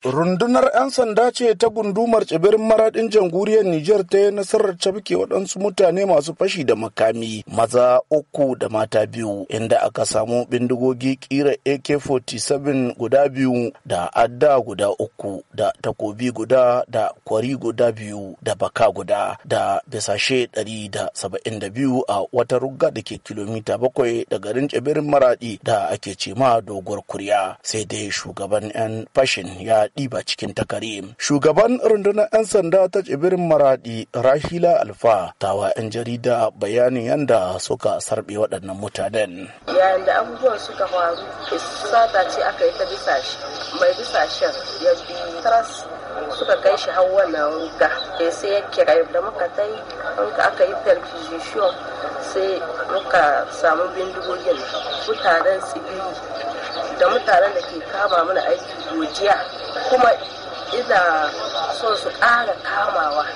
Rundunar 'yan sanda ce ta gundumar tsibirin maradin jamhuriyar Nijar ta yi nasarar cafke waɗansu mutane masu fashi da makami maza uku da mata biyu inda aka samu bindigogi kira AK-47 guda biyu da adda guda uku da takobi guda da kwari guda biyu da baka guda da bisashe 172 a wata rugga da ke kilomita bakwai da garin tsibirin maradi da ake cema doguwar kurya sai dai shugaban 'yan fashin ya ɗiba cikin takari Shugaban rundunar 'yan sanda ta tsibirin Maradi Rahila Alfa tawa 'yan jarida bayanin yadda suka sarbe waɗannan mutanen. Yayin da abubuwan suka faru, sata ce aka yi ta bisa mai bisa shan ya bi suka kai shi Hauwa na ruga. Sai ya kira da muka tai muka aka yi perquisition sai muka samu bindigogin mutanen tsibiri da mutanen da ke kama mana aiki godiya kuma ina son su ƙara kamawa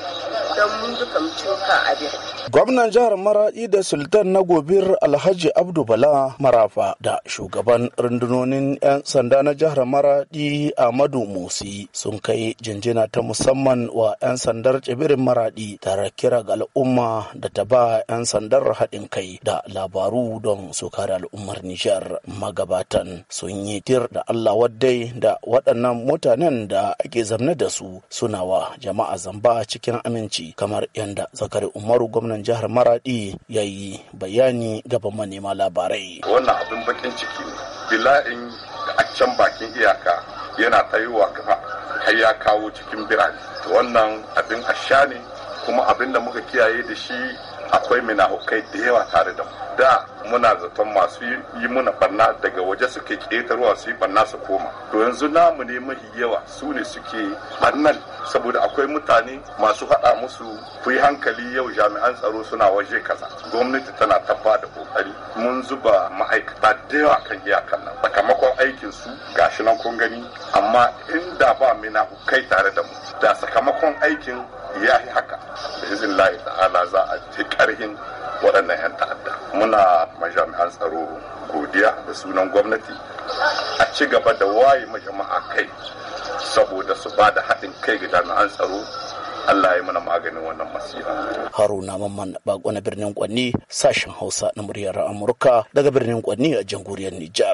Gwamnan jihar Maraɗi da Sultan na Gobir Alhaji Abdu Bala Marafa da shugaban rundunonin 'yan sanda na jihar Maraɗi Amadu Musi sun kai jinjina ta musamman wa 'yan sandar tsibirin Maraɗi tare kira ga al'umma da ta ba 'yan sandar haɗin kai da labaru don su kare al'ummar Nijar magabatan sun yi tir da Allah waddai da waɗannan mutanen da ake zamne da su suna wa jama'a zamba cikin amince. lokaci kamar yadda zakari umaru gwamnan jihar maradi ya yi bayani gaban manema labarai wannan abin bakin ciki bila'in da can bakin iyaka yana wa kafa har ya kawo cikin birane wannan abin asha ne kuma abin da muka kiyaye da shi akwai minahukai da yawa tare da mu da muna zaton masu yi muna barna daga waje suke ketarwa su yi barna su koma to yanzu namu ne mahi yawa su ne suke barnan saboda akwai mutane masu haɗa musu ku yi hankali yau jami'an tsaro suna waje kaza gwamnati tana tabba da kokari mun zuba ma'aikata da yawa kan iyakan nan sakamakon aikin su gashi nan kun gani amma inda ba mina kai tare da mu da sakamakon aikin ya yi haka da izin layi ta'ala za a ci karhin waɗannan 'yan ta'adda muna majami'an tsaro godiya da sunan gwamnati a ci gaba da waye majama'a kai saboda su ba da haɗin kai ga jami'an tsaro Allah ya mana maganin wannan masifa. Haruna Mamman Bakwana birnin Kwanni sashen Hausa na muryar Amurka daga birnin Kwanni a jamhuriyar Nijar.